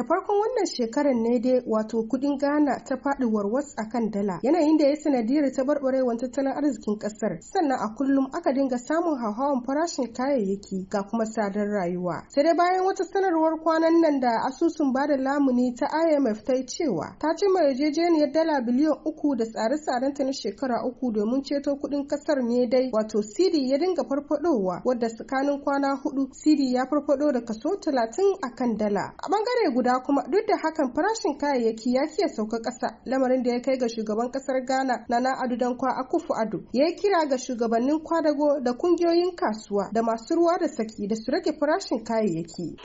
Da farkon wannan shekarar ne dai wato kudin Ghana ta faɗi warwas a kan dala yanayin da ya sanadiyar ta taɓarɓarewar tattalin arzikin kasar sannan a kullum aka dinga samun hauhawan farashin kayayyaki ga kuma sadar rayuwa. Sai dai bayan wata sanarwar kwanan nan da asusun bada lamuni ta IMF ta yi cewa ta ce mai yarjejeniyar dala biliyan uku da tsare-tsaren ta na shekara uku domin ceto kudin kasar ne dai wato siri ya dinga farfadowa wadda tsakanin kwana hudu siri ya farfado da kaso talatin a kan dala. A bangare guda guda kuma duk da hakan farashin kayayyaki ya fiye sauka ƙasa lamarin da ya kai ga shugaban ƙasar Ghana Nana Ado Dankwa Akufo Ado ya yi kira ga shugabannin kwadago da kungiyoyin kasuwa da masu ruwa da saki da su rage farashin kayayyaki.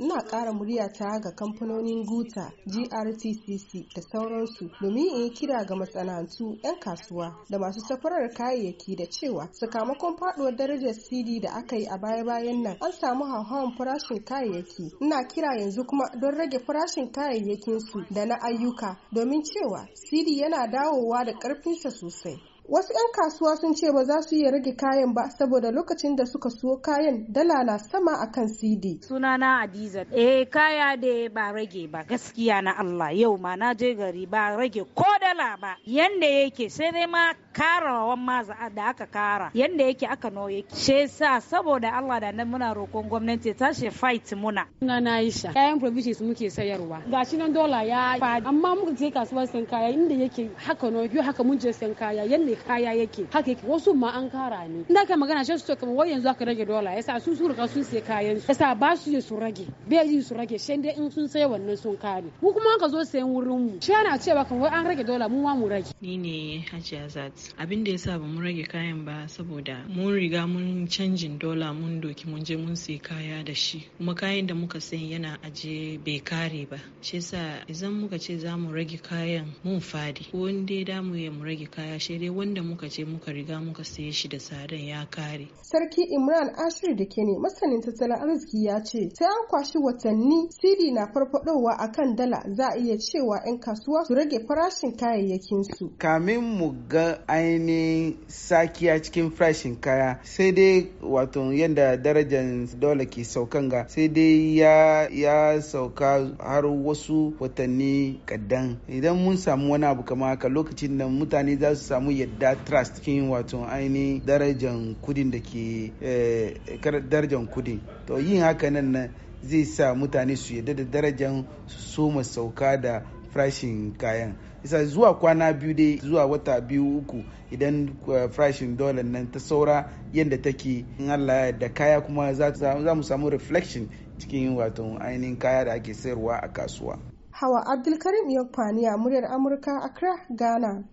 Ina ƙara muryata ga kamfanonin Guta, GRTCC da sauransu domin in yi kira ga masana'antu 'yan kasuwa da masu safarar kayayyaki da cewa sakamakon faduwar darajar CD da aka yi a baya-bayan nan an samu hauhawan farashin kayayyaki. Ina kira yanzu kuma kuma don rage farashin kayayyakinsu da na ayyuka domin cewa siri yana dawowa da ƙarfinsa sosai Wasu 'yan kasuwa sun ce ba za su iya rage kayan ba saboda lokacin da suka siyo kayan dala na sama a kan CD. Sunana Adiza. E, eh, kaya da ba rage ba gaskiya na Allah yau ma na je gari ba rage ko dala ba. Yanda yake sai dai ma karawan ma da aka kara. Yanda yake aka noye. She sa saboda Allah da nan muna roƙon gwamnati ta she fight muna. Sunana Aisha. Kayan provisions muke sayarwa. shi nan dola ya fadi amma muka je kasuwar kaya inda yake haka no haka mun je kaya yanda kaya yake haka yake wasu ma an kara ne inda ka magana shi su to kuma wai yanzu aka rage dola yasa su su ruka sun sai kayan su yasa ba su su rage bai ji su rage shi dai in sun sai wannan sun kare mu kuma aka zo sayan wurin mu shi ana cewa kawai wai an rage dola mu ma mu rage ni ne haji Azat abin da yasa ba mu rage kayan ba saboda mun riga mun canjin dola mun doki mun je mun sai kaya da shi kuma kayan da muka sayi yana aje bai kare ba shi yasa idan muka ce za mu rage kayan mun fadi ko dai da mu ya mu rage kaya shi dai wanda muka ce muka riga muka saye shi da tsadan ya kare. Sarki Imran Ashir da ke ne masanin tattalin arziki ya ce sai an kwashi watanni CD na farfadowa kan dala za a iya cewa 'yan kasuwa su rage farashin kayayyakin su. Kamin mu ga ainihin sakiya cikin farashin kaya sai dai wato yadda darajar dole ke saukan ga sai dai ya sauka har wasu watanni kadan idan mun samu wani abu kama haka lokacin da mutane za su samu yadda da trust kin wato aini darajan kudin da ke eh, darajan kudin to yin haka nan zai sa mutane su yadda da darajan su sauka da farashin kayan isa zuwa kwana biyu dai zuwa wata biyu uku idan eh, farashin dollar nan ta saura yadda take in allah da kaya kuma za mu samu reflection cikin wato ainihin kaya da ake sayarwa a kasuwa hawa abdulkarim a muryar amurka accra ghana